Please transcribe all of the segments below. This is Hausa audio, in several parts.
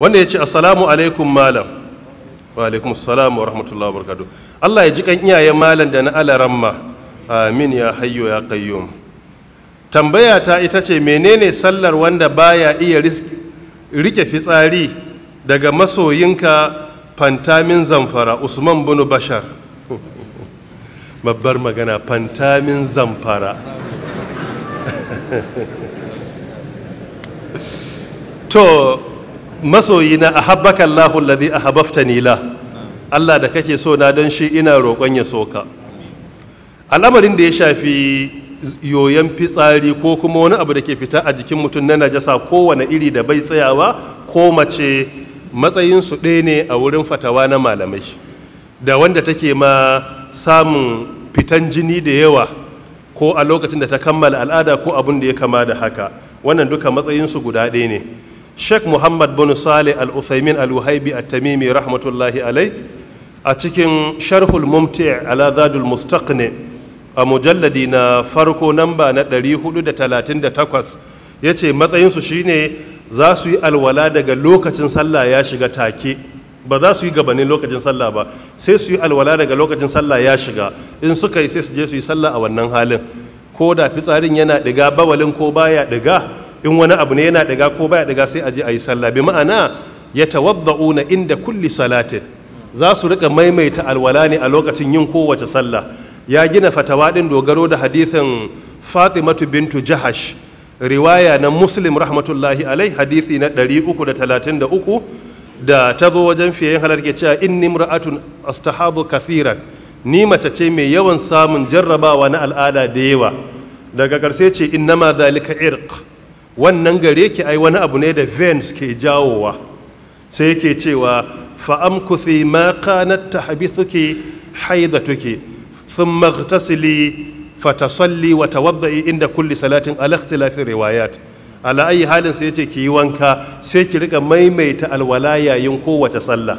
wanda ya ce assalamu alaikum malam wa alaikum assalamu wa rahmatullahi wa barakatuh Allah ya ji kan iyayen malam da na alaramma amin ya hayyo ya qayyum tambaya ta ita ce menene sallar wanda baya iya rike fitsari daga masoyinka fantamin zamfara usman bin bashar babbar magana fantamin zamfara to masoyina a habbaka Allahun ladi a habafta nila Allah da kake so na don shi ina roƙon ya soka al'amarin da ya shafi yoyon fitsari ko kuma wani abu da ke fita a jikin mutum na najasa kowane iri da bai tsayawa ko mace matsayinsu ɗaya ne a wurin fatawa na malamai da wanda take ma samun fitan jini da yawa ko a lokacin da ta kammala al'ada ko abin da ya kama da haka wannan duka matsayinsu guda ɗaya ne sheikh muhammad bin sale al-uthaymin al wuhaibi at-tamimi rahmatullahi alai a cikin sharhul mumti ala zadul mustaqni a mujalladi na farko namba na 438 ce matsayin su shine za su yi alwala daga lokacin sallah ya shiga take ba za su yi gabanin lokacin sallah ba sai su yi alwala daga lokacin sallah ya shiga in suka yi sai su je su yi sallah a wannan halin ko da fitsarin yana diga bawalin ko baya diga in wani abu ne yana daga ko baya daga sai a je a yi sallah bi ma'ana ya tawadda'una inda kulli salatin za su rika maimaita alwala ne a lokacin yin kowace sallah ya gina fatawa din dogaro da hadisin Fatimatu bintu Jahash riwaya na Muslim rahmatullahi alai hadisi na 333 da ta zo wajen fiye halar ke cewa inni mura'atun astahabu kathiran ni mace ce mai yawan samun jarrabawa na al'ada da yawa daga karshe ce innama zalika irq wannan gare ki ai wani abu ne da vens ke jawowa sai yake cewa fa'amkuthi ma kanat tahbithuki haidatuki thumma ightasili fatasalli wa tawadda'i inda kulli salatin ala ikhtilafi riwayat ala ayi halin sai yace ki yi wanka sai ki rika maimaita alwala yayin kowace sallah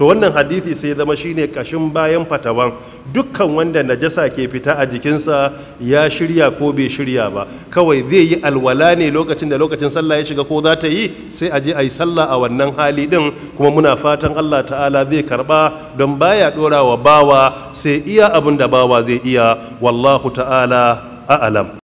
to wannan hadisi sai zama shine kashin bayan fatawan dukkan wanda najasa ke fita a jikinsa ya shirya ko bai shirya ba kawai zai yi alwala ne lokacin da lokacin sallah ya shiga ko za ta yi sai a je a yi sallah a wannan hali din kuma muna fatan Allah ta'ala zai karba don baya dora wa bawa sai iya abin da bawa zai iya wallahu ta'ala a'alam